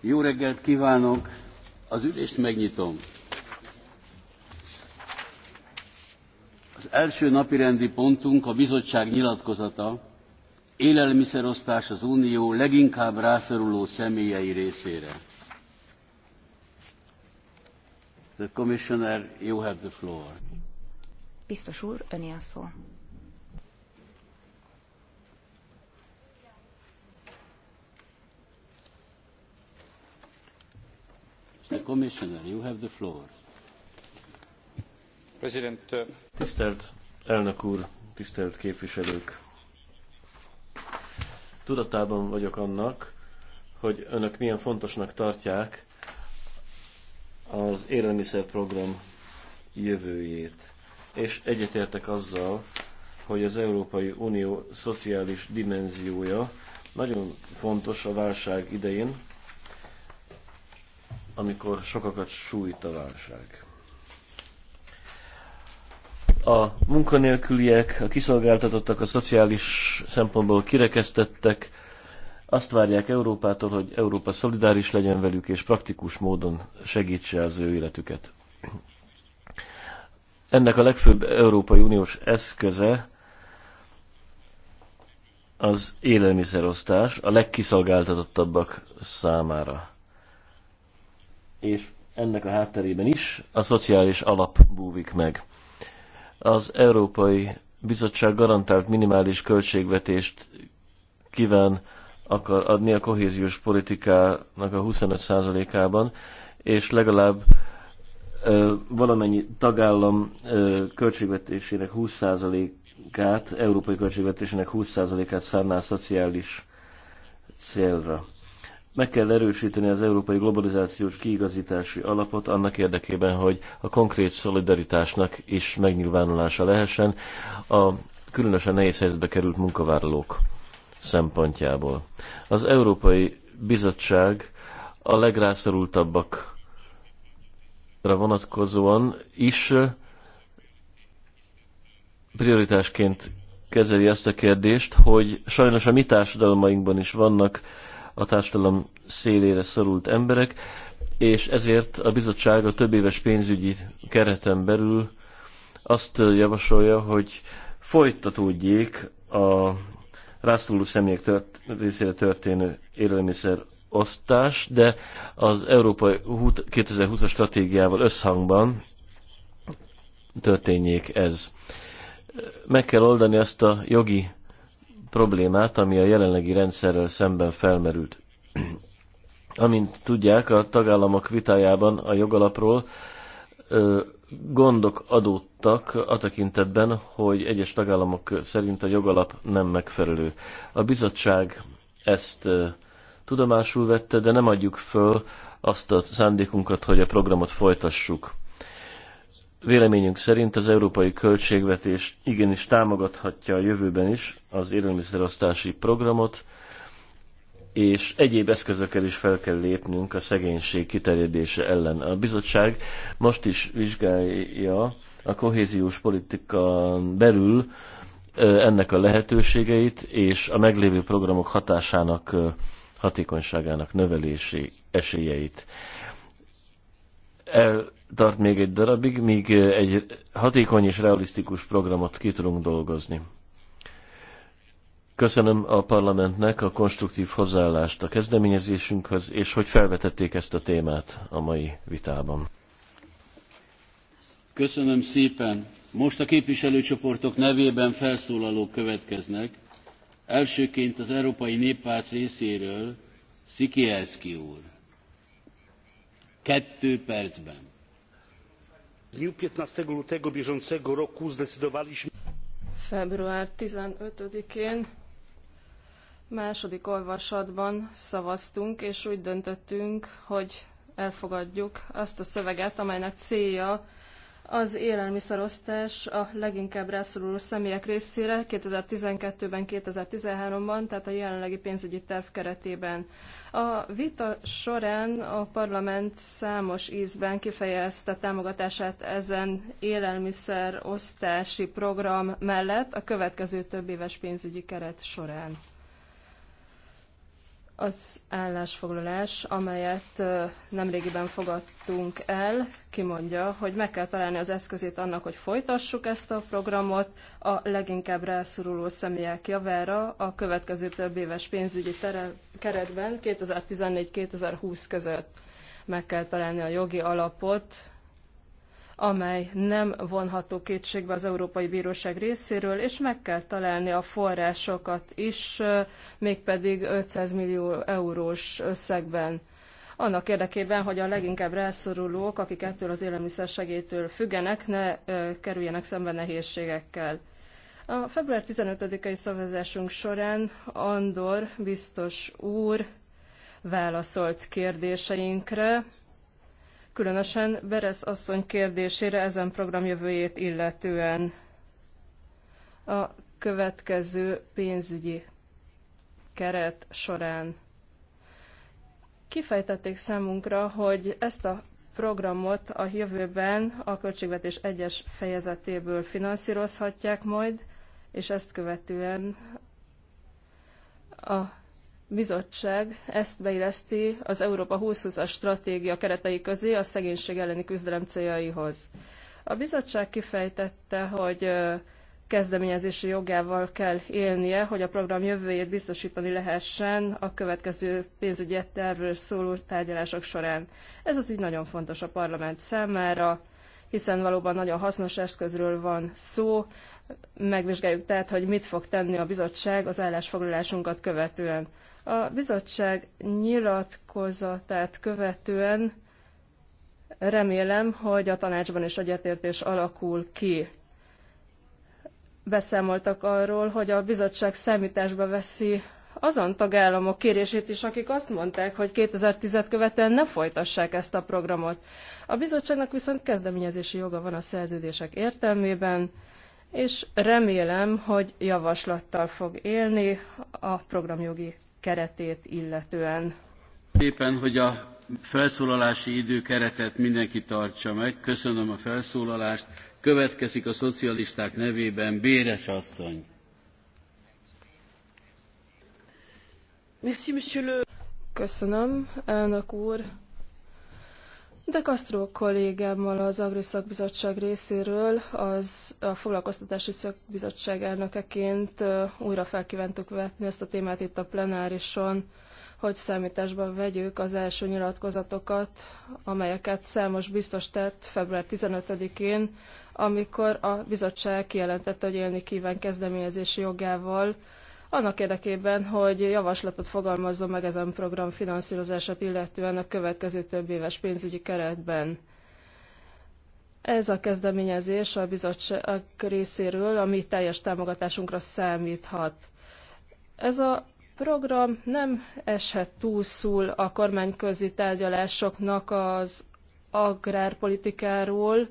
Jó reggelt kívánok! Az ülést megnyitom. Az első napirendi pontunk a bizottság nyilatkozata, élelmiszerosztás az Unió leginkább rászoruló személyei részére. The Commissioner, you have the floor. Biztos úr, öné a szó. Uh, tisztelt elnök úr, tisztelt képviselők! Tudatában vagyok annak, hogy önök milyen fontosnak tartják az élelmiszerprogram jövőjét. És egyetértek azzal, hogy az Európai Unió szociális dimenziója nagyon fontos a válság idején, amikor sokakat sújt a válság. A munkanélküliek, a kiszolgáltatottak, a szociális szempontból kirekesztettek, azt várják Európától, hogy Európa szolidáris legyen velük, és praktikus módon segítse az ő életüket. Ennek a legfőbb Európai Uniós eszköze az élelmiszerosztás a legkiszolgáltatottabbak számára és ennek a hátterében is a szociális alap búvik meg. Az Európai Bizottság garantált minimális költségvetést kíván akar adni a kohéziós politikának a 25%-ában, és legalább ö, valamennyi tagállam ö, költségvetésének 20%-át, európai költségvetésének 20%-át szánná a szociális célra meg kell erősíteni az európai globalizációs kiigazítási alapot annak érdekében, hogy a konkrét szolidaritásnak is megnyilvánulása lehessen a különösen nehéz helyzetbe került munkavállalók szempontjából. Az Európai Bizottság a legrászorultabbakra vonatkozóan is prioritásként kezeli ezt a kérdést, hogy sajnos a mi társadalmainkban is vannak a társadalom szélére szorult emberek, és ezért a bizottság a több éves pénzügyi kereten belül azt javasolja, hogy folytatódjék a rászoruló személyek tört, részére történő élelmiszer osztás, de az Európai 2020-as stratégiával összhangban történjék ez. Meg kell oldani ezt a jogi problémát, ami a jelenlegi rendszerrel szemben felmerült. Amint tudják, a tagállamok vitájában a jogalapról ö, gondok adódtak a tekintetben, hogy egyes tagállamok szerint a jogalap nem megfelelő. A bizottság ezt ö, tudomásul vette, de nem adjuk föl azt a szándékunkat, hogy a programot folytassuk. Véleményünk szerint az európai költségvetés igenis támogathatja a jövőben is az élelmiszerosztási programot, és egyéb eszközökkel is fel kell lépnünk a szegénység kiterjedése ellen. A bizottság most is vizsgálja a kohéziós politika belül ennek a lehetőségeit és a meglévő programok hatásának hatékonyságának növelési esélyeit eltart még egy darabig, míg egy hatékony és realisztikus programot ki tudunk dolgozni. Köszönöm a parlamentnek a konstruktív hozzáállást a kezdeményezésünkhöz, és hogy felvetették ezt a témát a mai vitában. Köszönöm szépen. Most a képviselőcsoportok nevében felszólalók következnek. Elsőként az Európai Néppárt részéről Szikielszki úr. Kettő percben. W dniu 15 lutego bieżącego roku zdecydowaliśmy... Február 15-én második olvasatban szavaztunk, és úgy döntöttünk, hogy elfogadjuk azt a szöveget, amelynek célja az élelmiszerosztás a leginkább rászoruló személyek részére 2012-ben, 2013-ban, tehát a jelenlegi pénzügyi terv keretében. A vita során a parlament számos ízben kifejezte támogatását ezen élelmiszerosztási program mellett a következő több éves pénzügyi keret során. Az állásfoglalás, amelyet nemrégiben fogadtunk el, kimondja, hogy meg kell találni az eszközét annak, hogy folytassuk ezt a programot a leginkább rászoruló személyek javára a következő több éves pénzügyi tere- keretben 2014-2020 között. Meg kell találni a jogi alapot amely nem vonható kétségbe az Európai Bíróság részéről, és meg kell találni a forrásokat is, mégpedig 500 millió eurós összegben annak érdekében, hogy a leginkább rászorulók, akik ettől az élelmiszersegélytől függenek, ne kerüljenek szembe nehézségekkel. A február 15-i szavazásunk során Andor biztos úr válaszolt kérdéseinkre, különösen Beres asszony kérdésére ezen program jövőjét illetően a következő pénzügyi keret során. Kifejtették számunkra, hogy ezt a programot a jövőben a költségvetés egyes fejezetéből finanszírozhatják majd, és ezt követően a bizottság ezt beilleszti az Európa 2020-as stratégia keretei közé a szegénység elleni küzdelem céljaihoz. A bizottság kifejtette, hogy kezdeményezési jogával kell élnie, hogy a program jövőjét biztosítani lehessen a következő pénzügyi tervről szóló tárgyalások során. Ez az ügy nagyon fontos a parlament számára, hiszen valóban nagyon hasznos eszközről van szó. Megvizsgáljuk tehát, hogy mit fog tenni a bizottság az állásfoglalásunkat követően. A bizottság nyilatkozatát követően remélem, hogy a tanácsban is egyetértés alakul ki. Beszámoltak arról, hogy a bizottság számításba veszi azon tagállamok kérését is, akik azt mondták, hogy 2010-et követően ne folytassák ezt a programot. A bizottságnak viszont kezdeményezési joga van a szerződések értelmében, és remélem, hogy javaslattal fog élni a programjogi keretét illetően. Szépen, hogy a felszólalási időkeretet mindenki tartsa meg. Köszönöm a felszólalást. Következik a szocialisták nevében Béres asszony. Köszönöm, elnök úr. De Castro kollégámmal az Agri Szakbizottság részéről az a Foglalkoztatási Szakbizottság elnökeként újra felkívántuk vetni ezt a témát itt a plenárison, hogy számításban vegyük az első nyilatkozatokat, amelyeket számos biztos tett február 15-én, amikor a bizottság kijelentette, hogy élni kíván kezdeményezési jogával, annak érdekében, hogy javaslatot fogalmazzon meg ezen program finanszírozását illetően a következő több éves pénzügyi keretben. Ez a kezdeményezés a bizottság részéről, ami teljes támogatásunkra számíthat. Ez a program nem eshet túlszul a kormányközi tárgyalásoknak az agrárpolitikáról,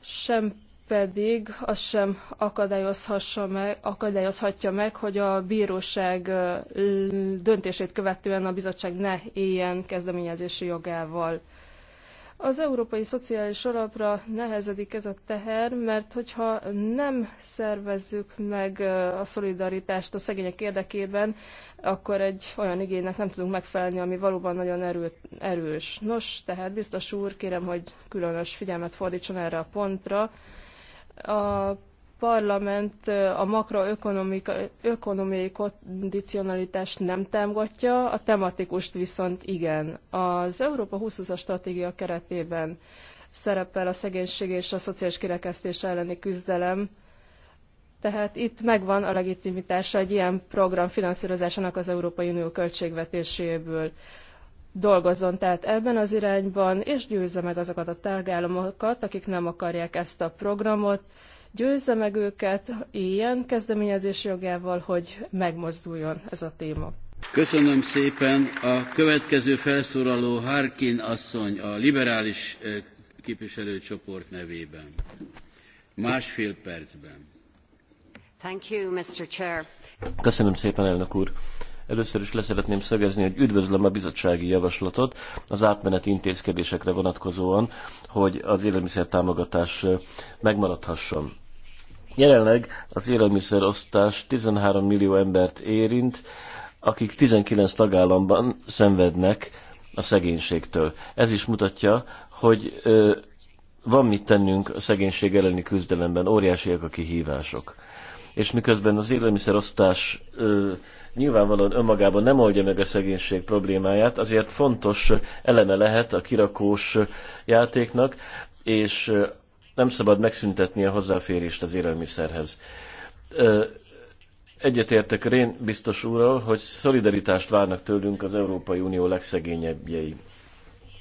sem pedig az sem akadályozhassa meg, akadályozhatja meg, hogy a bíróság döntését követően a bizottság ne éljen kezdeményezési jogával. Az Európai Szociális Alapra nehezedik ez a teher, mert hogyha nem szervezzük meg a szolidaritást a szegények érdekében, akkor egy olyan igénynek nem tudunk megfelelni, ami valóban nagyon erő, erős. Nos, tehát biztos úr, kérem, hogy különös figyelmet fordítson erre a pontra, a parlament a makroökonomiai kondicionalitást nem támogatja, a tematikust viszont igen. Az Európa 2020-as stratégia keretében szerepel a szegénység és a szociális kirekesztés elleni küzdelem, tehát itt megvan a legitimitása egy ilyen program finanszírozásának az Európai Unió költségvetéséből dolgozzon tehát ebben az irányban, és győzze meg azokat a tagállamokat, akik nem akarják ezt a programot, győzze meg őket ilyen kezdeményezés jogával, hogy megmozduljon ez a téma. Köszönöm szépen. A következő felszólaló Harkin asszony a liberális képviselőcsoport nevében. Másfél percben. Thank you, Mr. Chair. Köszönöm szépen, elnök úr. Először is leszeretném szögezni, hogy üdvözlöm a bizottsági javaslatot az átmeneti intézkedésekre vonatkozóan, hogy az élelmiszer támogatás megmaradhasson. Jelenleg az élelmiszerosztás 13 millió embert érint, akik 19 tagállamban szenvednek a szegénységtől. Ez is mutatja, hogy ö, van mit tennünk a szegénység elleni küzdelemben, óriásiak a kihívások. És miközben az élelmiszerosztás ö, nyilvánvalóan önmagában nem oldja meg a szegénység problémáját, azért fontos eleme lehet a kirakós játéknak, és nem szabad megszüntetni a hozzáférést az élelmiszerhez. Egyetértek Rén biztos úrral, hogy szolidaritást várnak tőlünk az Európai Unió legszegényebbjei.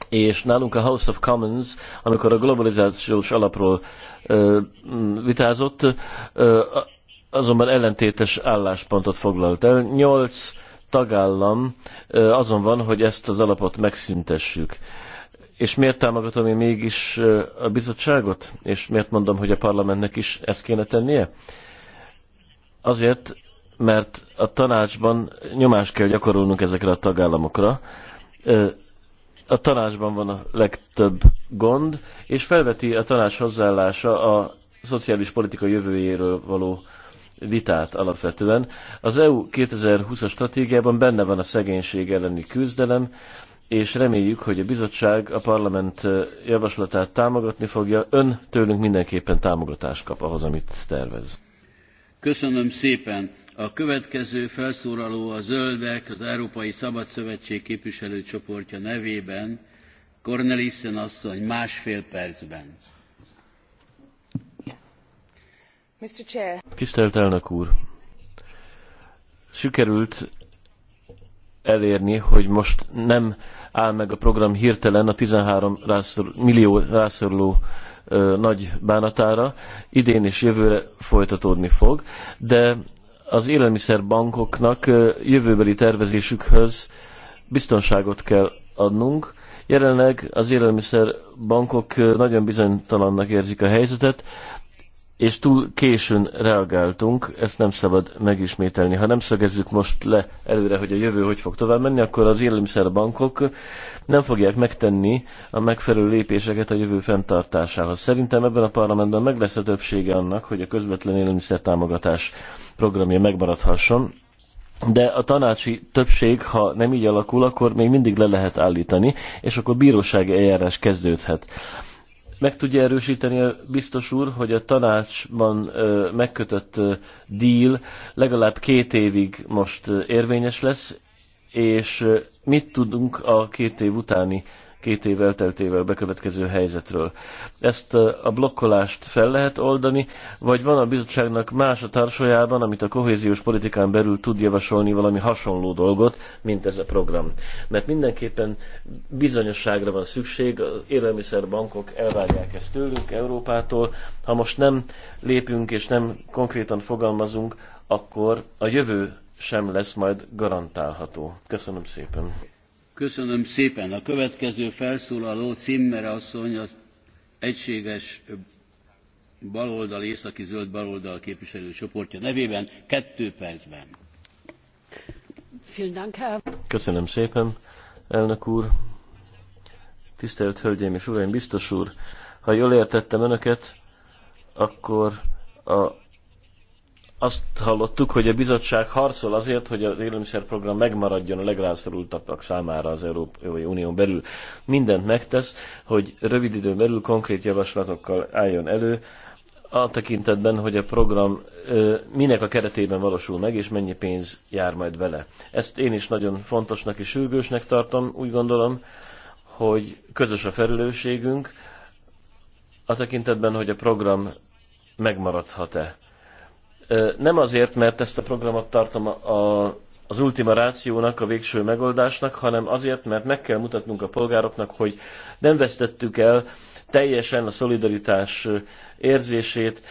És nálunk a House of Commons, amikor a globalizációs alapról ö, vitázott, ö, azonban ellentétes álláspontot foglalt el. Nyolc tagállam azon van, hogy ezt az alapot megszüntessük. És miért támogatom én mégis a bizottságot? És miért mondom, hogy a parlamentnek is ezt kéne tennie? Azért, mert a tanácsban nyomás kell gyakorolnunk ezekre a tagállamokra. A tanácsban van a legtöbb gond, és felveti a tanács hozzáállása a szociális politika jövőjéről való vitát alapvetően. Az EU 2020-as stratégiában benne van a szegénység elleni küzdelem, és reméljük, hogy a bizottság a parlament javaslatát támogatni fogja. Ön tőlünk mindenképpen támogatást kap ahhoz, amit tervez. Köszönöm szépen. A következő felszólaló a Zöldek, az Európai Szabadszövetség képviselőcsoportja nevében, Cornelissen asszony másfél percben. Tisztelt elnök úr! Sikerült elérni, hogy most nem áll meg a program hirtelen a 13 rászor, millió rászoruló nagy bánatára, idén és jövőre folytatódni fog, de az élelmiszerbankoknak jövőbeli tervezésükhöz biztonságot kell adnunk. Jelenleg az élelmiszerbankok nagyon bizonytalannak érzik a helyzetet, és túl későn reagáltunk, ezt nem szabad megismételni. Ha nem szögezzük most le előre, hogy a jövő hogy fog tovább menni, akkor az élelmiszerbankok nem fogják megtenni a megfelelő lépéseket a jövő fenntartásához. Szerintem ebben a parlamentben meg lesz a többsége annak, hogy a közvetlen élelmiszertámogatás programja megmaradhasson, de a tanácsi többség, ha nem így alakul, akkor még mindig le lehet állítani, és akkor bírósági eljárás kezdődhet meg tudja erősíteni a biztos úr, hogy a tanácsban megkötött deal legalább két évig most érvényes lesz, és mit tudunk a két év utáni két év elteltével bekövetkező helyzetről. Ezt a blokkolást fel lehet oldani, vagy van a bizottságnak más a társajában, amit a kohéziós politikán belül tud javasolni valami hasonló dolgot, mint ez a program. Mert mindenképpen bizonyosságra van szükség, az élelmiszerbankok elvárják ezt tőlünk, Európától. Ha most nem lépünk és nem konkrétan fogalmazunk, akkor a jövő sem lesz majd garantálható. Köszönöm szépen. Köszönöm szépen. A következő felszólaló Cimmere asszony az egységes baloldal, északi zöld baloldal képviselő csoportja nevében kettő percben. Köszönöm szépen, elnök úr. Tisztelt Hölgyeim és Uraim, biztos úr, ha jól értettem Önöket, akkor a azt hallottuk, hogy a bizottság harcol azért, hogy az élelmiszerprogram megmaradjon a legrászorultabbak számára az Európai Unión belül. Mindent megtesz, hogy rövid időn belül konkrét javaslatokkal álljon elő, a tekintetben, hogy a program minek a keretében valósul meg, és mennyi pénz jár majd vele. Ezt én is nagyon fontosnak és sürgősnek tartom, úgy gondolom, hogy közös a felelősségünk a tekintetben, hogy a program megmaradhat-e nem azért, mert ezt a programot tartom a, az ultima rációnak, a végső megoldásnak, hanem azért, mert meg kell mutatnunk a polgároknak, hogy nem vesztettük el teljesen a szolidaritás érzését.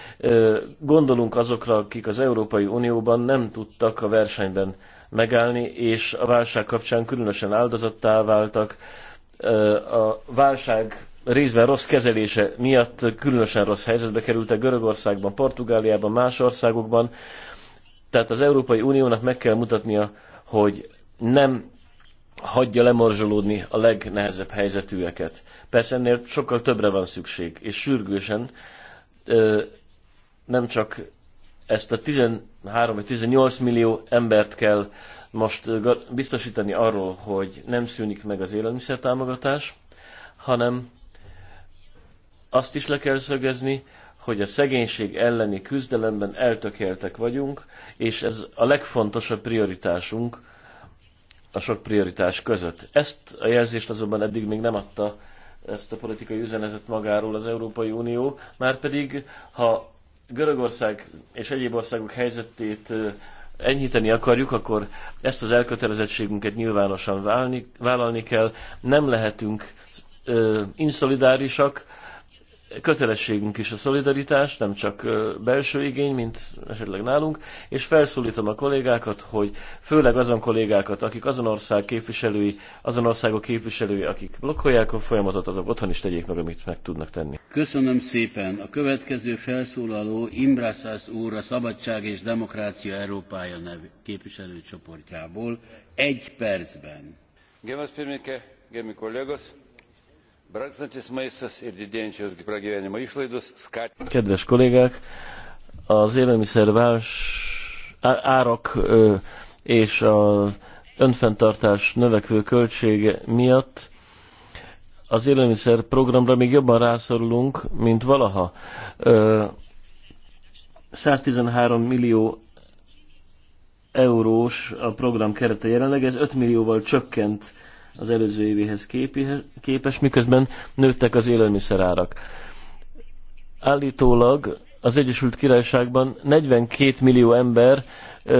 Gondolunk azokra, akik az Európai Unióban nem tudtak a versenyben megállni, és a válság kapcsán különösen áldozattá váltak. A válság részben rossz kezelése miatt különösen rossz helyzetbe kerültek Görögországban, Portugáliában, más országokban. Tehát az Európai Uniónak meg kell mutatnia, hogy nem hagyja lemorzsolódni a legnehezebb helyzetűeket. Persze ennél sokkal többre van szükség, és sürgősen nem csak ezt a 13 vagy 18 millió embert kell most biztosítani arról, hogy nem szűnik meg az élelmiszer támogatás, hanem azt is le kell szögezni, hogy a szegénység elleni küzdelemben eltökéltek vagyunk, és ez a legfontosabb prioritásunk a sok prioritás között. Ezt a jelzést azonban eddig még nem adta ezt a politikai üzenetet magáról az Európai Unió, már pedig ha Görögország és egyéb országok helyzetét enyhíteni akarjuk, akkor ezt az elkötelezettségünket nyilvánosan válni, vállalni kell. Nem lehetünk ö, inszolidárisak, kötelességünk is a szolidaritás, nem csak belső igény, mint esetleg nálunk, és felszólítom a kollégákat, hogy főleg azon kollégákat, akik azon ország képviselői, azon országok képviselői, akik blokkolják a folyamatot, azok otthon is tegyék meg, amit meg tudnak tenni. Köszönöm szépen. A következő felszólaló Imbrászász úr a Szabadság és Demokrácia Európája nevű képviselőcsoportjából egy percben. Gemas pirmininkė, gémi kolegos, Kedves kollégák, az élelmiszer árak és az önfenntartás növekvő költsége miatt az élelmiszer programra még jobban rászorulunk, mint valaha. 113 millió eurós a program kerete jelenleg, ez 5 millióval csökkent az előző évéhez képes, miközben nőttek az élelmiszerárak. Állítólag az Egyesült Királyságban 42 millió ember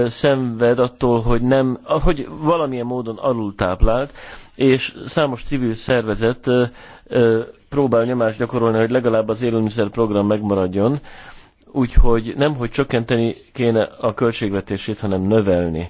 szenved attól, hogy, nem, hogy valamilyen módon alultáplált, és számos civil szervezet próbál nyomást gyakorolni, hogy legalább az élelmiszer program megmaradjon, úgyhogy nem, hogy csökkenteni kéne a költségvetését, hanem növelni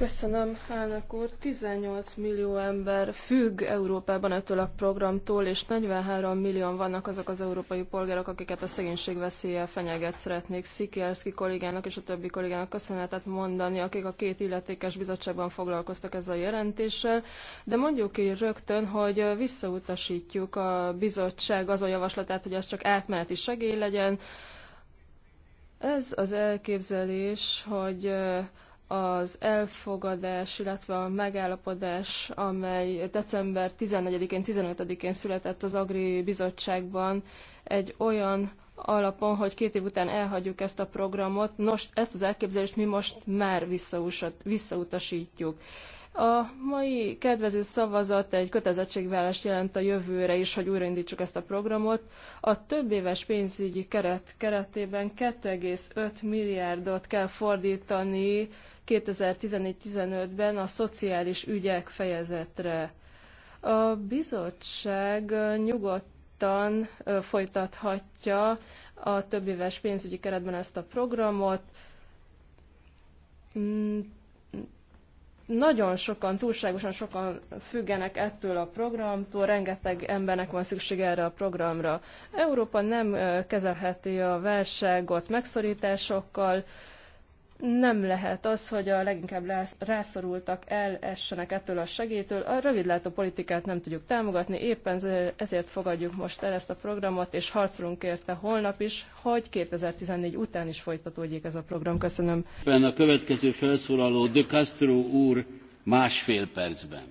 Köszönöm, elnök úr. 18 millió ember függ Európában ettől a programtól, és 43 millióan vannak azok az európai polgárok, akiket a szegénység veszélye fenyeget. Szeretnék Szikielszki kollégának és a többi kollégának köszönetet mondani, akik a két illetékes bizottságban foglalkoztak ezzel a jelentéssel, de mondjuk így rögtön, hogy visszautasítjuk a bizottság azon javaslatát, hogy ez csak átmeneti segély legyen. Ez az elképzelés, hogy az elfogadás, illetve a megállapodás, amely december 14-én, 15-én született az Agri Bizottságban egy olyan alapon, hogy két év után elhagyjuk ezt a programot. Nos, ezt az elképzelést mi most már visszautasítjuk. A mai kedvező szavazat egy kötelezettségvállást jelent a jövőre is, hogy újraindítsuk ezt a programot. A több éves pénzügyi keret keretében 2,5 milliárdot kell fordítani 2014-15-ben a szociális ügyek fejezetre. A bizottság nyugodtan folytathatja a éves pénzügyi keretben ezt a programot. Mm, nagyon sokan, túlságosan sokan függenek ettől a programtól, rengeteg embernek van szüksége erre a programra. Európa nem kezelheti a válságot megszorításokkal, nem lehet az, hogy a leginkább rászorultak elessenek ettől a segélytől. A rövidlátó politikát nem tudjuk támogatni, éppen ezért fogadjuk most el ezt a programot, és harcolunk érte holnap is, hogy 2014 után is folytatódjék ez a program. Köszönöm. A következő felszólaló De Castro úr másfél percben.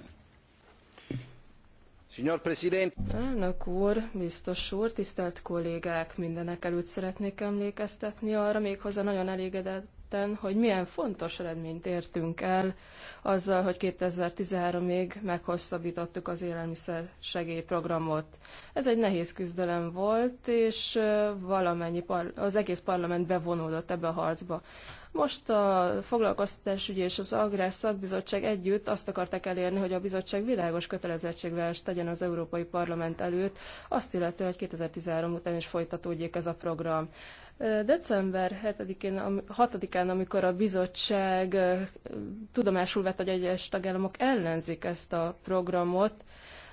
Signor Presidente. Elnök úr, biztos úr, tisztelt kollégák, mindenek előtt szeretnék emlékeztetni arra, méghozzá nagyon elégedett ketten, hogy milyen fontos eredményt értünk el azzal, hogy 2013-ig meghosszabbítottuk az élelmiszer segélyprogramot. Ez egy nehéz küzdelem volt, és valamennyi az egész parlament bevonódott ebbe a harcba. Most a foglalkoztatásügyi és az Agrár Szakbizottság együtt azt akarták elérni, hogy a bizottság világos kötelezettségvállalást tegyen az Európai Parlament előtt, azt illetően, hogy 2013 után is folytatódjék ez a program. December 7-én, 6-án, amikor a bizottság tudomásul vett, hogy egyes tagállamok ellenzik ezt a programot,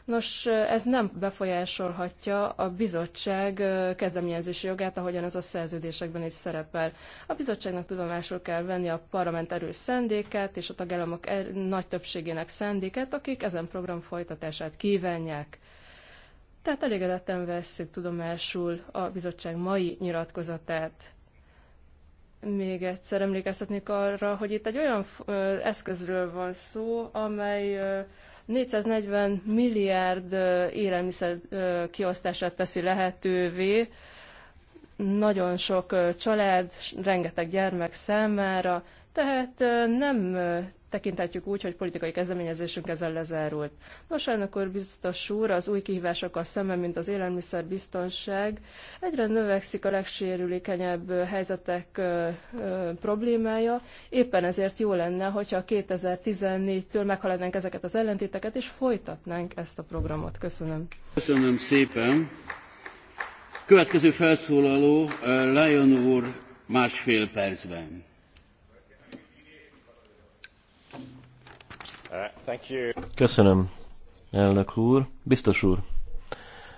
Nos, ez nem befolyásolhatja a bizottság kezdeményezési jogát, ahogyan ez a szerződésekben is szerepel. A bizottságnak tudomásul kell venni a parlament erős szendéket és a tagállamok er-, nagy többségének szendéket, akik ezen program folytatását kívánják. Tehát elégedetten vesszük tudomásul a bizottság mai nyilatkozatát. Még egyszer emlékeztetnék arra, hogy itt egy olyan eszközről van szó, amely 440 milliárd élelmiszer kiosztását teszi lehetővé, nagyon sok család, rengeteg gyermek számára, tehát nem tekintetjük úgy, hogy politikai kezdeményezésünk ezzel lezárult. Nos, elnök úr, biztos úr, az új kihívásokkal szemben, mint az élelmiszerbiztonság, egyre növekszik a legsérülékenyebb helyzetek ö, ö, problémája. Éppen ezért jó lenne, hogyha 2014-től meghaladnánk ezeket az ellentéteket, és folytatnánk ezt a programot. Köszönöm. Köszönöm szépen. Következő felszólaló Lion úr másfél percben. Köszönöm, elnök úr. Biztos úr,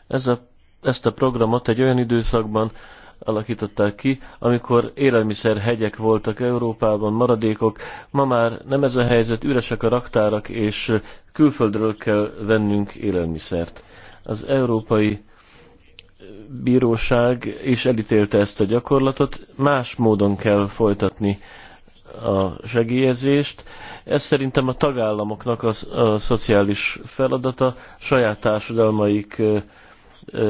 ez a, ezt a programot egy olyan időszakban alakították ki, amikor élelmiszer hegyek voltak Európában, maradékok. Ma már nem ez a helyzet, üresek a raktárak, és külföldről kell vennünk élelmiszert. Az Európai Bíróság is elítélte ezt a gyakorlatot, más módon kell folytatni a segélyezést. Ez szerintem a tagállamoknak a, a szociális feladata, saját társadalmaik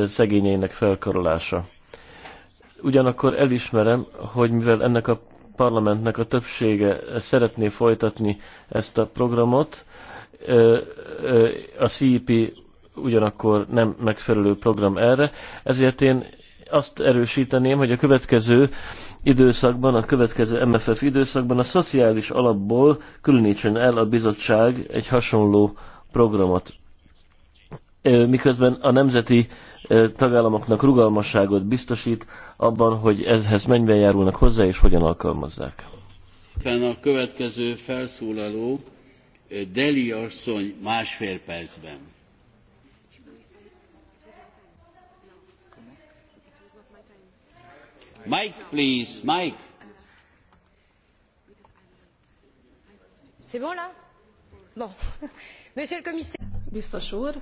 szegényeinek felkarolása. Ugyanakkor elismerem, hogy mivel ennek a parlamentnek a többsége szeretné folytatni ezt a programot, a CIP ugyanakkor nem megfelelő program erre, ezért én azt erősíteném, hogy a következő időszakban, a következő MFF időszakban a szociális alapból különítsen el a bizottság egy hasonló programot. Miközben a nemzeti tagállamoknak rugalmasságot biztosít abban, hogy ezhez mennyiben járulnak hozzá és hogyan alkalmazzák. a következő felszólaló Deli asszony másfél percben. Mike, please, Mike. C'est bon là Bon. Monsieur le commissaire. Biztos úr,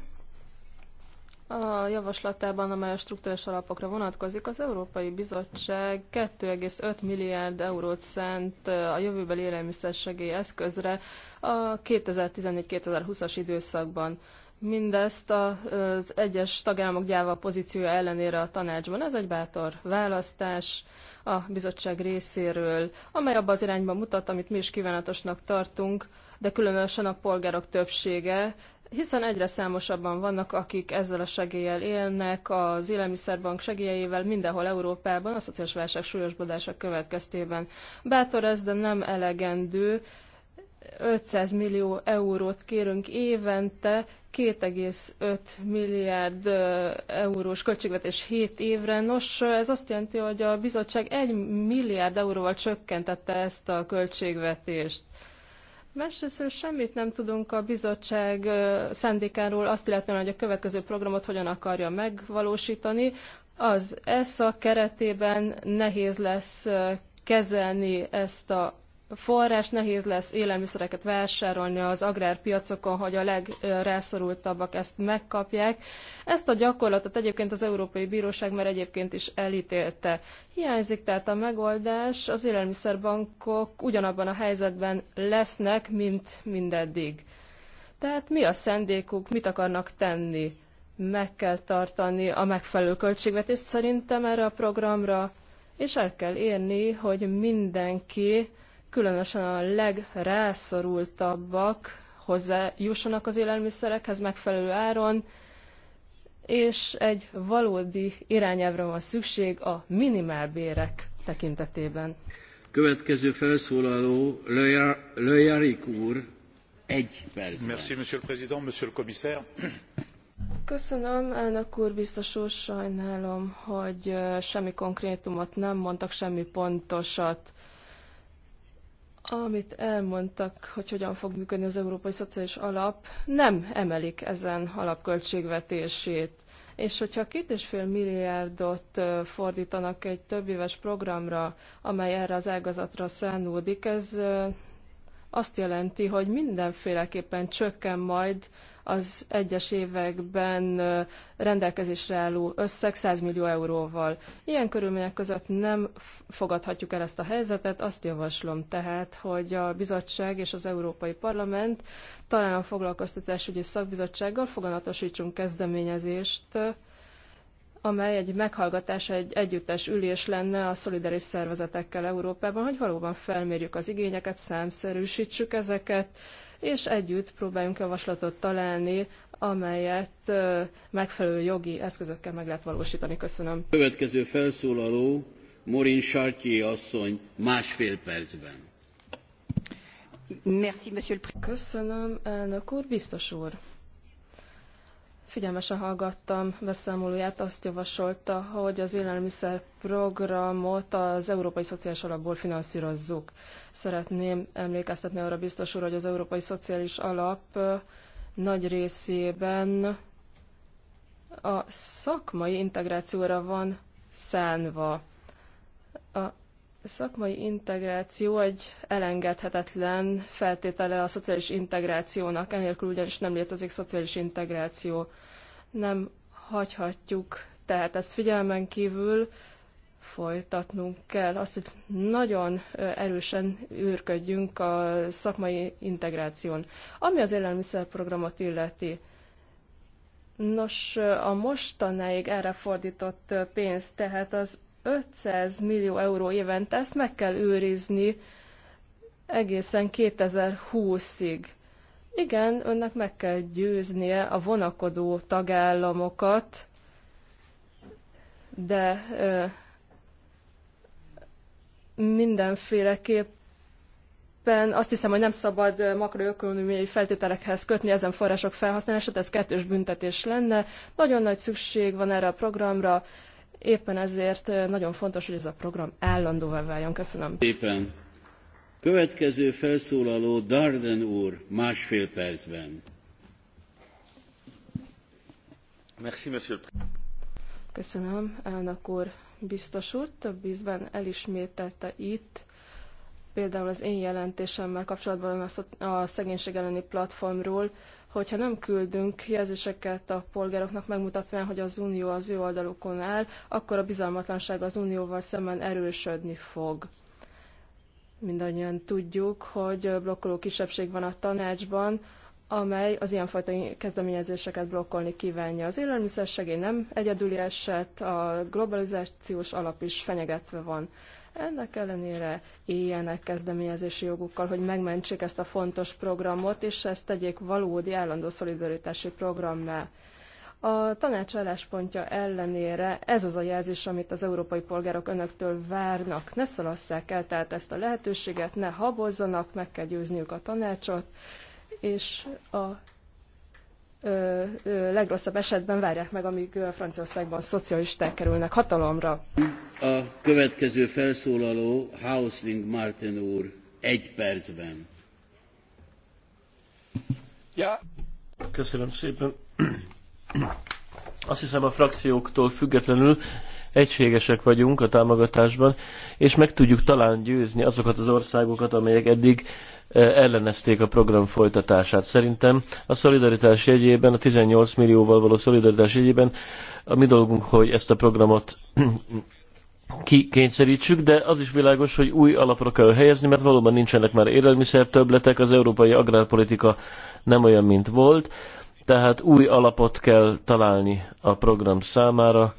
a javaslatában, amely a struktúrás alapokra vonatkozik, az Európai Bizottság 2,5 milliárd eurót szánt a jövőbeli élelmiszersegély eszközre a 2014-2020-as időszakban. Mindezt az egyes tagállamok gyáva pozíciója ellenére a tanácsban. Ez egy bátor választás a bizottság részéről, amely abba az irányba mutat, amit mi is kívánatosnak tartunk, de különösen a polgárok többsége, hiszen egyre számosabban vannak, akik ezzel a segéllyel élnek, az élelmiszerbank segélyeivel mindenhol Európában, a szociális válság súlyosbodása következtében. Bátor ez, de nem elegendő, 500 millió eurót kérünk évente, 2,5 milliárd eurós költségvetés 7 évre. Nos, ez azt jelenti, hogy a bizottság 1 milliárd euróval csökkentette ezt a költségvetést. Másrészt semmit nem tudunk a bizottság szándékáról, azt illetően, hogy a következő programot hogyan akarja megvalósítani. Az ESZA keretében nehéz lesz kezelni ezt a forrás, nehéz lesz élelmiszereket vásárolni az agrárpiacokon, hogy a legrászorultabbak ezt megkapják. Ezt a gyakorlatot egyébként az Európai Bíróság már egyébként is elítélte. Hiányzik tehát a megoldás, az élelmiszerbankok ugyanabban a helyzetben lesznek, mint mindeddig. Tehát mi a szendékuk, mit akarnak tenni? Meg kell tartani a megfelelő költségvetést szerintem erre a programra, és el kell érni, hogy mindenki különösen a legrászorultabbak hozzájussanak az élelmiszerekhez megfelelő áron, és egy valódi irányelvre van szükség a minimálbérek tekintetében. Következő felszólaló Löjarik úr, egy percben. Merci, monsieur le président, monsieur le commissaire. Köszönöm, elnök úr, biztos úr, sajnálom, hogy semmi konkrétumot nem mondtak, semmi pontosat amit elmondtak, hogy hogyan fog működni az Európai Szociális Alap, nem emelik ezen alapköltségvetését. És hogyha két és fél milliárdot fordítanak egy több éves programra, amely erre az ágazatra szánódik, ez azt jelenti, hogy mindenféleképpen csökken majd az egyes években rendelkezésre álló összeg 100 millió euróval. Ilyen körülmények között nem fogadhatjuk el ezt a helyzetet, azt javaslom tehát, hogy a bizottság és az Európai Parlament talán a foglalkoztatásügyi szakbizottsággal foganatosítsunk kezdeményezést, amely egy meghallgatás, egy együttes ülés lenne a szolidaris szervezetekkel Európában, hogy valóban felmérjük az igényeket, számszerűsítsük ezeket, és együtt próbáljunk javaslatot találni, amelyet megfelelő jogi eszközökkel meg lehet valósítani. Köszönöm. Következő felszólaló Morin asszony másfél percben. Köszönöm, elnök úr, biztos úr. Figyelmesen hallgattam beszámolóját, azt javasolta, hogy az élelmiszer programot az Európai Szociális Alapból finanszírozzuk. Szeretném emlékeztetni arra biztos úr, hogy az Európai Szociális Alap nagy részében a szakmai integrációra van szánva. A a szakmai integráció egy elengedhetetlen feltétele a szociális integrációnak, enélkül ugyanis nem létezik szociális integráció. Nem hagyhatjuk tehát ezt figyelmen kívül, folytatnunk kell azt, hogy nagyon erősen őrködjünk a szakmai integráción. Ami az élelmiszerprogramot illeti, Nos, a mostanáig erre fordított pénz, tehát az 500 millió euró évente, ezt meg kell őrizni egészen 2020-ig. Igen, önnek meg kell győznie a vonakodó tagállamokat, de ö, mindenféleképpen azt hiszem, hogy nem szabad makroökonomiai feltételekhez kötni ezen források felhasználását, ez kettős büntetés lenne. Nagyon nagy szükség van erre a programra, Éppen ezért nagyon fontos, hogy ez a program állandóvá váljon. Köszönöm. Éppen. Következő felszólaló Darden úr, másfél percben. Merci, monsieur. Köszönöm, elnök úr, biztos úr. Több ízben elismételte itt, például az én jelentésemmel kapcsolatban a szegénység elleni platformról, hogyha nem küldünk jelzéseket a polgároknak megmutatván, hogy az unió az ő oldalukon áll, akkor a bizalmatlanság az unióval szemben erősödni fog. Mindannyian tudjuk, hogy blokkoló kisebbség van a tanácsban, amely az ilyenfajta kezdeményezéseket blokkolni kívánja. Az élelmiszersegély nem egyedüli eset, a globalizációs alap is fenyegetve van. Ennek ellenére éljenek kezdeményezési jogukkal, hogy megmentsék ezt a fontos programot, és ezt tegyék valódi állandó szolidaritási programmá. A tanács álláspontja ellenére ez az a jelzés, amit az európai polgárok önöktől várnak. Ne szalasszák el tehát ezt a lehetőséget, ne habozzanak, meg kell győzniük a tanácsot, és a ö, ö, legrosszabb esetben várják meg, amíg Franciaországban szocialisták kerülnek hatalomra. A következő felszólaló Hausling Martin úr egy percben. Ja. Köszönöm szépen. Azt hiszem a frakcióktól függetlenül egységesek vagyunk a támogatásban, és meg tudjuk talán győzni azokat az országokat, amelyek eddig eh, ellenezték a program folytatását. Szerintem a szolidaritás jegyében, a 18 millióval való szolidaritás jegyében a mi dolgunk, hogy ezt a programot kikényszerítsük, de az is világos, hogy új alapra kell helyezni, mert valóban nincsenek már élelmiszer többletek, az európai agrárpolitika nem olyan, mint volt, tehát új alapot kell találni a program számára,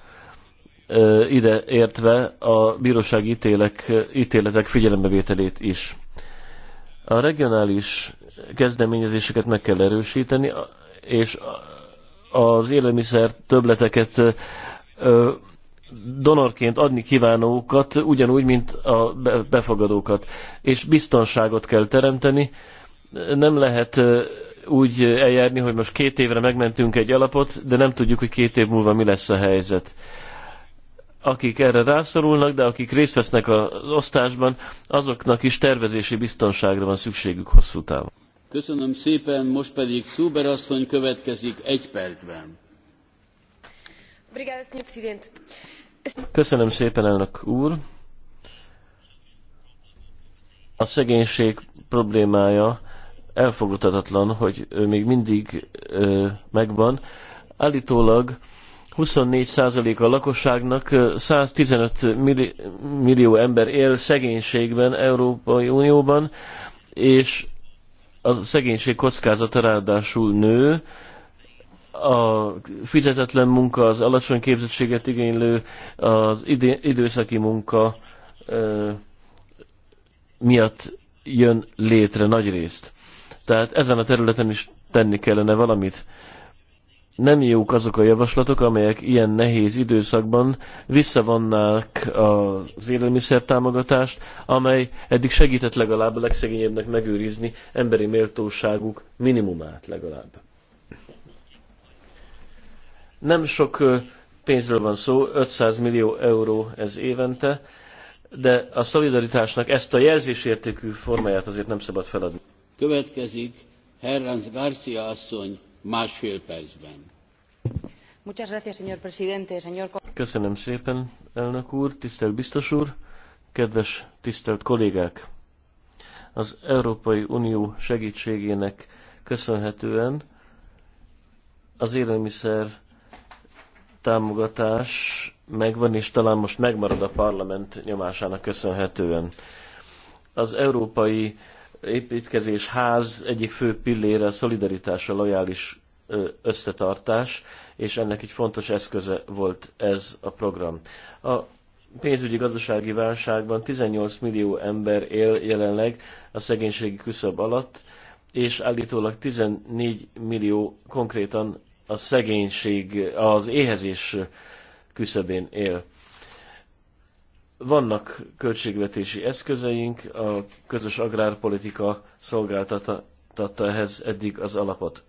ide értve a bírósági ítélek, ítéletek figyelembevételét is. A regionális kezdeményezéseket meg kell erősíteni, és az élelmiszer töbleteket donorként adni kívánókat, ugyanúgy, mint a befogadókat. És biztonságot kell teremteni. Nem lehet úgy eljárni, hogy most két évre megmentünk egy alapot, de nem tudjuk, hogy két év múlva mi lesz a helyzet akik erre rászorulnak, de akik részt vesznek az osztásban, azoknak is tervezési biztonságra van szükségük hosszú távon. Köszönöm szépen, most pedig Szuber asszony következik egy percben. Köszönöm szépen, elnök úr. A szegénység problémája elfogadhatatlan, hogy még mindig megvan. Állítólag 24% a lakosságnak, 115 millió ember él szegénységben Európai Unióban, és a szegénység kockázata ráadásul nő, a fizetetlen munka, az alacsony képzettséget igénylő, az időszaki munka miatt jön létre nagy részt. Tehát ezen a területen is tenni kellene valamit nem jók azok a javaslatok, amelyek ilyen nehéz időszakban visszavannák az élelmiszer támogatást, amely eddig segített legalább a legszegényebbnek megőrizni emberi méltóságuk minimumát legalább. Nem sok pénzről van szó, 500 millió euró ez évente, de a szolidaritásnak ezt a jelzésértékű formáját azért nem szabad feladni. Következik Herranz Garcia asszony Köszönöm szépen, elnök úr, tisztelt biztos úr, kedves tisztelt kollégák! Az Európai Unió segítségének köszönhetően az élelmiszer támogatás megvan, és talán most megmarad a parlament nyomásának köszönhetően. Az európai építkezés, ház egyik fő pillére a szolidaritás, a lojális összetartás, és ennek egy fontos eszköze volt ez a program. A pénzügyi gazdasági válságban 18 millió ember él jelenleg a szegénységi küszöb alatt, és állítólag 14 millió konkrétan a szegénység, az éhezés küszöbén él. Vannak költségvetési eszközeink, a közös agrárpolitika szolgáltatta ehhez eddig az alapot.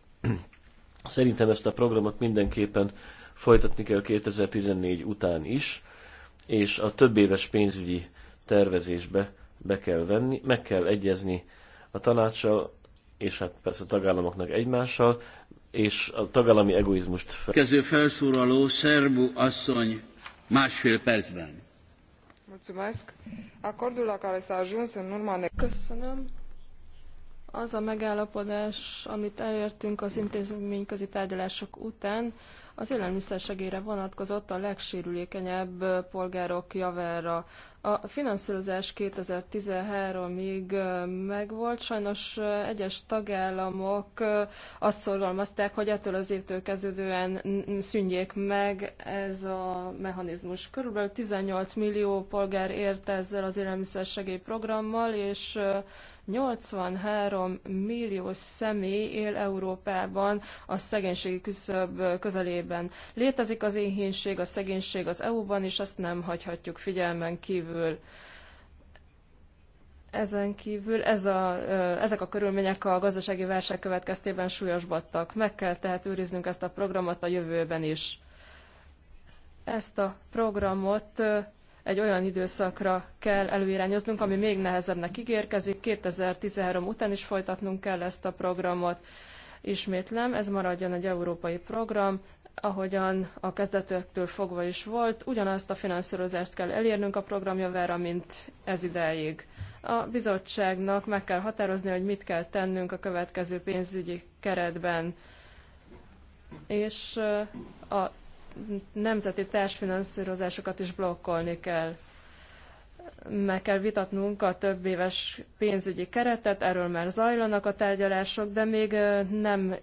Szerintem ezt a programot mindenképpen folytatni kell 2014 után is, és a több éves pénzügyi tervezésbe be kell venni, meg kell egyezni a tanácssal, és hát persze a tagállamoknak egymással, és a tagállami egoizmust fel. Kező felszólaló Szerbu asszony másfél percben. Acordul la care s-a ajuns în urma... Köszönöm. Az a megállapodás, amit elértünk az intézményközi tárgyalások után, az élelmiszersegélyre vonatkozott a legsérülékenyebb polgárok javára. A finanszírozás 2013-ig megvolt, sajnos egyes tagállamok azt szorgalmazták, hogy ettől az évtől kezdődően szűnjék meg ez a mechanizmus. Körülbelül 18 millió polgár érte ezzel az élelmiszersegélyprogrammal, és 83 millió személy él Európában a szegénységi küszöb közelében. Létezik az éhínség, a szegénység az EU-ban, és ezt nem hagyhatjuk figyelmen kívül. Ezen kívül ez a, ezek a körülmények a gazdasági válság következtében súlyosbattak. Meg kell tehát őriznünk ezt a programot a jövőben is. Ezt a programot egy olyan időszakra kell előirányoznunk, ami még nehezebbnek ígérkezik. 2013 után is folytatnunk kell ezt a programot. Ismétlem, ez maradjon egy európai program, ahogyan a kezdetektől fogva is volt, ugyanazt a finanszírozást kell elérnünk a programjavára, mint ez ideig. A bizottságnak meg kell határozni, hogy mit kell tennünk a következő pénzügyi keretben. És a nemzeti társfinanszírozásokat is blokkolni kell. Meg kell vitatnunk a több éves pénzügyi keretet, erről már zajlanak a tárgyalások, de még nem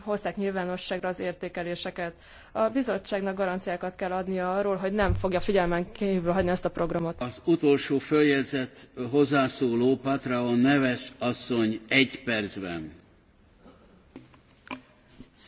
hozták nyilvánosságra az értékeléseket. A bizottságnak garanciákat kell adnia arról, hogy nem fogja figyelmen kívül hagyni ezt a programot. Az utolsó följegyzett hozzászóló Patra neves asszony egy percben.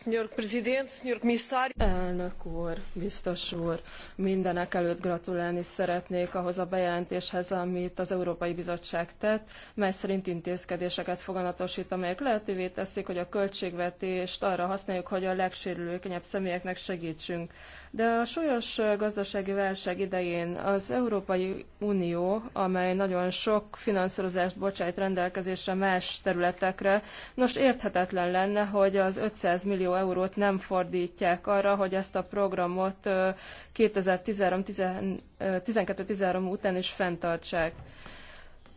Senhor Presidente, Senhor Comissário. Elnök úr, biztos úr, mindenek előtt gratulálni szeretnék ahhoz a bejelentéshez, amit az Európai Bizottság tett, mely szerint intézkedéseket foganatosít, amelyek lehetővé teszik, hogy a költségvetést arra használjuk, hogy a legsérülékenyebb személyeknek segítsünk. De a súlyos gazdasági válság idején az Európai Unió, amely nagyon sok finanszírozást bocsájt rendelkezésre más területekre, nos érthetetlen lenne, hogy az 500 millió eurót nem fordítják arra, hogy ezt a programot 2012-13 után is fenntartsák.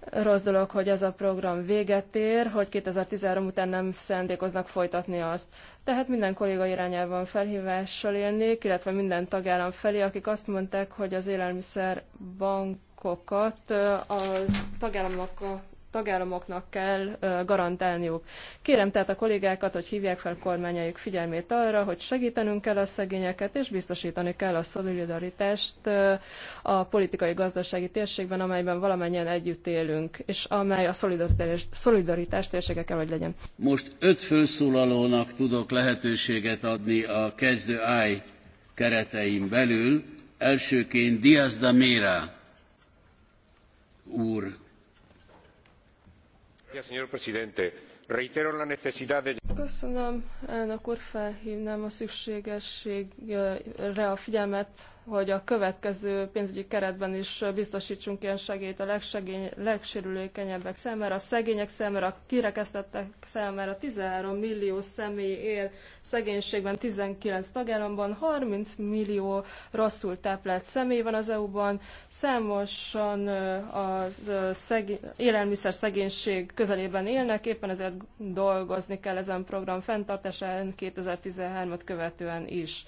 Rossz dolog, hogy ez a program véget ér, hogy 2013 után nem szándékoznak folytatni azt. Tehát minden kolléga irányában felhívással élnék, illetve minden tagállam felé, akik azt mondták, hogy az élelmiszer bankokat a tagállamok tagállamoknak kell garantálniuk. Kérem tehát a kollégákat, hogy hívják fel kormányaik figyelmét arra, hogy segítenünk kell a szegényeket, és biztosítani kell a szolidaritást a politikai-gazdasági térségben, amelyben valamennyien együtt élünk, és amely a szolidaritás, térsége kell, hogy legyen. Most öt felszólalónak tudok lehetőséget adni a kezdő áj keretein belül. Elsőként Diaz da Mera úr Köszönöm, elnök úr, felhvnám a szükségességre a figyelmet hogy a következő pénzügyi keretben is biztosítsunk ilyen segélyt a legsegény, legsérülékenyebbek számára, a szegények számára, a kirekesztettek számára. 13 millió személy él szegénységben 19 tagállamban, 30 millió rosszul táplált személy van az EU-ban, számosan az szegény, élelmiszer szegénység közelében élnek, éppen ezért dolgozni kell ezen program fenntartásán 2013-at követően is.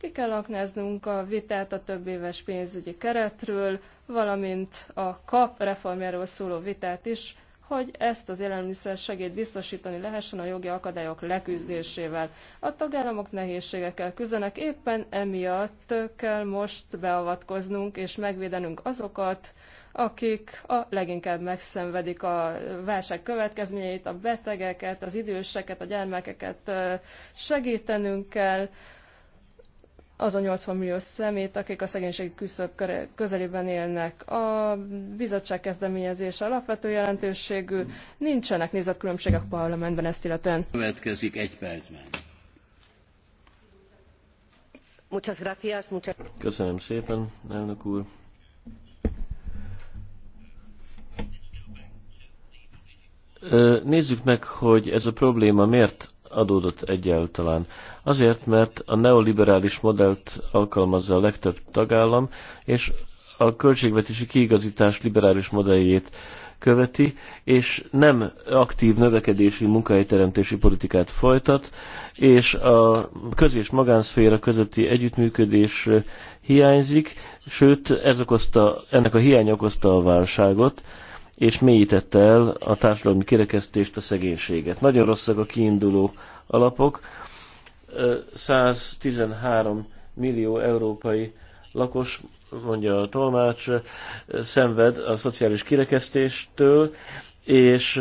Ki kell aknáznunk a vitát a több éves pénzügyi keretről, valamint a KAP reformjáról szóló vitát is, hogy ezt az élelmiszer segít biztosítani lehessen a jogi akadályok leküzdésével. A tagállamok nehézségekkel küzdenek, éppen emiatt kell most beavatkoznunk és megvédenünk azokat, akik a leginkább megszenvedik a válság következményeit, a betegeket, az időseket, a gyermekeket segítenünk kell, azon 80 millió szemét, akik a szegénység küszöb közelében élnek. A bizottság kezdeményezése alapvető jelentőségű, nincsenek nézetkülönbségek a parlamentben ezt illetően. Következik egy percben. Köszönöm szépen, elnök úr. Nézzük meg, hogy ez a probléma miért adódott egyáltalán? Azért, mert a neoliberális modellt alkalmazza a legtöbb tagállam, és a költségvetési kiigazítás liberális modelljét követi, és nem aktív növekedési munkahelyteremtési politikát folytat, és a köz- és magánszféra közötti együttműködés hiányzik, sőt ez okozta, ennek a hiány okozta a válságot, és mélyítette el a társadalmi kirekesztést, a szegénységet. Nagyon rosszak a kiinduló alapok. 113 millió európai lakos, mondja a tolmács, szenved a szociális kirekesztéstől, és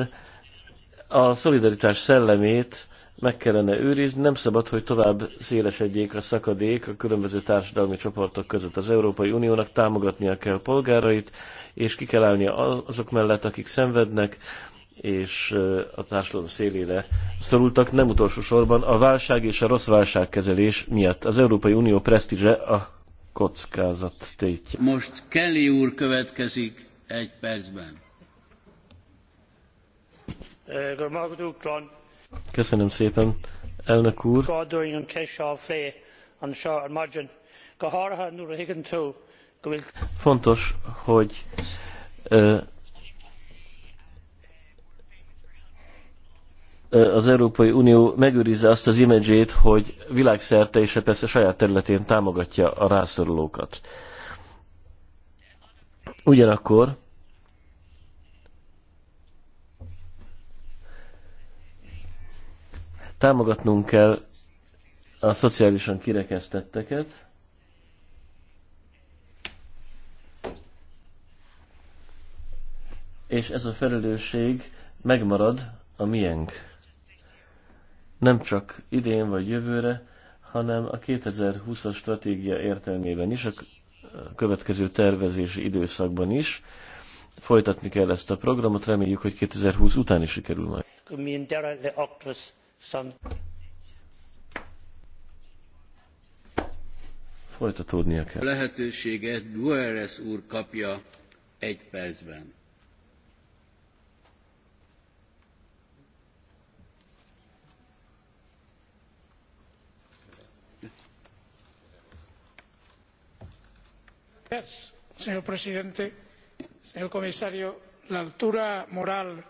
a szolidaritás szellemét meg kellene őrizni, nem szabad, hogy tovább szélesedjék a szakadék a különböző társadalmi csoportok között. Az Európai Uniónak támogatnia kell polgárait, és ki kell állnia azok mellett, akik szenvednek, és a társadalom szélére szorultak, nem utolsó sorban a válság és a rossz válságkezelés miatt. Az Európai Unió presztízse a kockázat tétje. Most Kelly úr következik egy percben. Köszönöm szépen, elnök úr. Fontos, hogy ö, az Európai Unió megőrizze azt az imedzsét, hogy világszerte és persze saját területén támogatja a rászorulókat. Ugyanakkor támogatnunk kell a szociálisan kirekesztetteket, és ez a felelősség megmarad a miénk. Nem csak idén vagy jövőre, hanem a 2020-as stratégia értelmében is, a következő tervezési időszakban is. Folytatni kell ezt a programot, reméljük, hogy 2020 után is sikerül majd. Folytatódnia kell. A lehetőséget Guerres úr kapja egy percben. señor presidente señor comisario la altura moral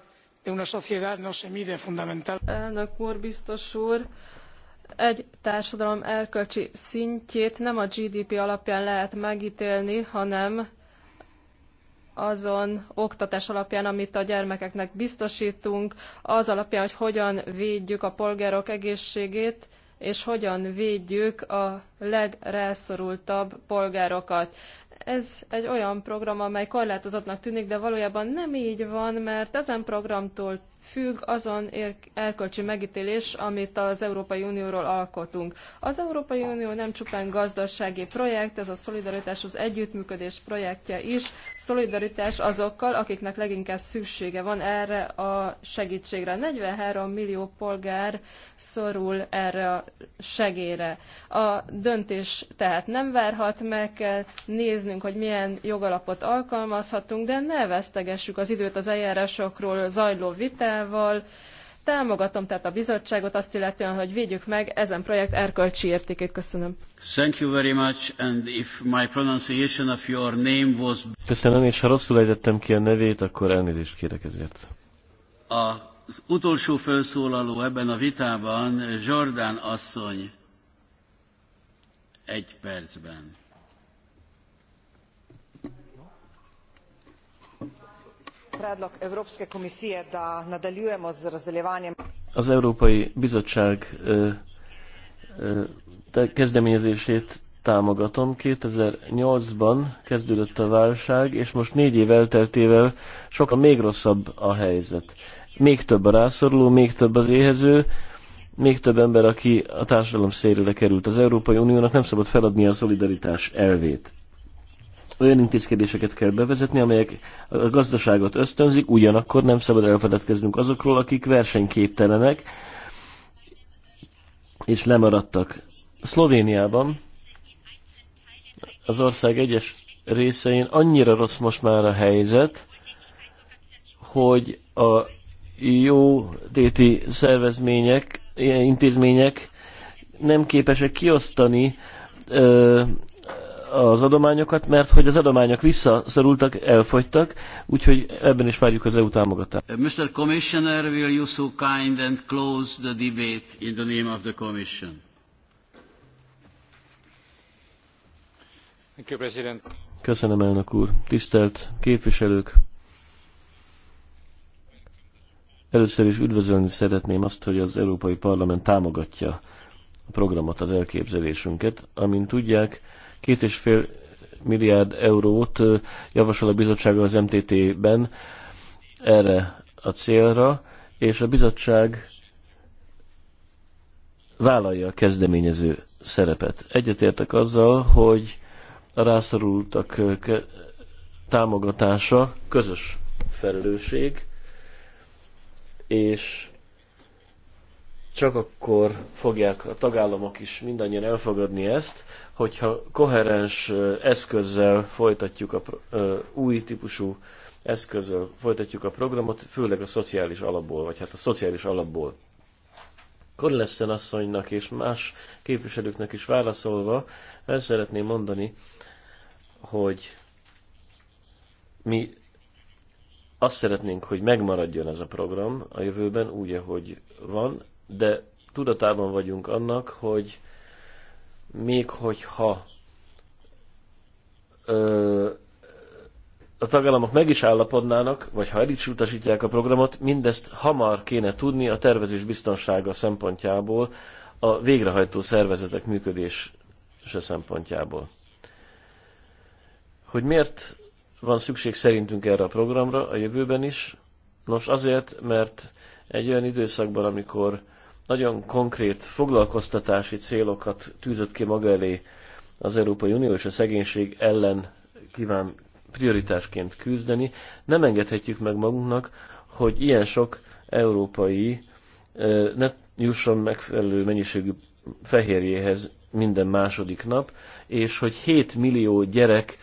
de una sociedad no se mide fundamentalmente egy társadalom erkölcsi szintjét nem a GDP alapján lehet megítélni, hanem azon oktatás alapján, amit a gyermekeknek biztosítunk, az alapján, hogy hogyan védjük a polgárok egészségét, és hogyan védjük a legrászorultabb polgárokat. Ez egy olyan program, amely korlátozottnak tűnik, de valójában nem így van, mert ezen programtól függ azon erkölcsi megítélés, amit az Európai Unióról alkotunk. Az Európai Unió nem csupán gazdasági projekt, ez a szolidaritás az együttműködés projektje is. Szolidaritás azokkal, akiknek leginkább szüksége van erre a segítségre. 43 millió polgár szorul erre a segélyre. A döntés tehát nem várhat, meg kell néznünk, hogy milyen jogalapot alkalmazhatunk, de ne vesztegessük az időt az eljárásokról zajló vitát, vitával. Támogatom tehát a bizottságot azt illetően, hogy védjük meg ezen projekt erkölcsi értékét. Köszönöm. Thank you very much, and if my pronunciation of your name was... Köszönöm, és ha rosszul ejtettem ki a nevét, akkor elnézést kérek ezért. Az utolsó felszólaló ebben a vitában Jordán asszony egy percben. Az Európai Bizottság eh, eh, kezdeményezését támogatom. 2008-ban kezdődött a válság, és most négy év elteltével sokkal még rosszabb a helyzet. Még több a rászoruló, még több az éhező, még több ember, aki a társadalom szélére került. Az Európai Uniónak nem szabad feladni a szolidaritás elvét olyan intézkedéseket kell bevezetni, amelyek a gazdaságot ösztönzik, ugyanakkor nem szabad elfeledkeznünk azokról, akik versenyképtelenek és lemaradtak. Szlovéniában az ország egyes részein annyira rossz most már a helyzet, hogy a jó téti szervezmények, intézmények nem képesek kiosztani ö, az adományokat, mert hogy az adományok visszaszorultak, elfogytak, úgyhogy ebben is várjuk az EU támogatást. Uh, Mr. Commissioner, will you so kind and close the debate in the name of the Commission? Thank you, President. Köszönöm, elnök úr. Tisztelt képviselők! Először is üdvözölni szeretném azt, hogy az Európai Parlament támogatja a programot, az elképzelésünket. Amint tudják, Két és fél milliárd eurót javasol a bizottság az MTT-ben erre a célra, és a bizottság vállalja a kezdeményező szerepet. Egyetértek azzal, hogy a rászorultak támogatása közös felelősség, és csak akkor fogják a tagállamok is mindannyian elfogadni ezt, hogyha koherens eszközzel folytatjuk a új típusú eszközzel folytatjuk a programot, főleg a szociális alapból, vagy hát a szociális alapból. Korleszen asszonynak és más képviselőknek is válaszolva, el szeretném mondani, hogy mi azt szeretnénk, hogy megmaradjon ez a program a jövőben úgy, ahogy van, de tudatában vagyunk annak, hogy még hogyha ö, a tagállamok meg is állapodnának, vagy ha el is utasítják a programot, mindezt hamar kéne tudni a tervezés biztonsága szempontjából, a végrehajtó szervezetek működése szempontjából. Hogy miért van szükség szerintünk erre a programra a jövőben is? Nos, azért, mert egy olyan időszakban, amikor nagyon konkrét foglalkoztatási célokat tűzött ki maga elé az Európai Unió, és a szegénység ellen kíván prioritásként küzdeni. Nem engedhetjük meg magunknak, hogy ilyen sok európai ne jusson megfelelő mennyiségű fehérjéhez minden második nap, és hogy 7 millió gyerek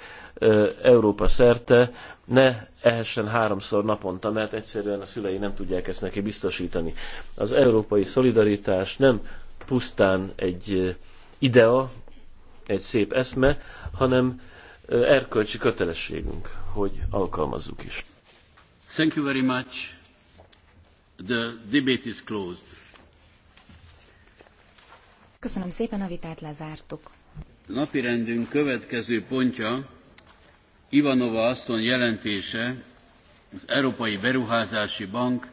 Európa szerte ne ehessen háromszor naponta, mert egyszerűen a szülei nem tudják ezt neki biztosítani. Az európai szolidaritás nem pusztán egy idea, egy szép eszme, hanem erkölcsi kötelességünk, hogy alkalmazzuk is. Thank you very much. The debate is closed. Köszönöm szépen, a vitát lezártuk. Napirendünk következő pontja Ivanova asszony jelentése az Európai Beruházási Bank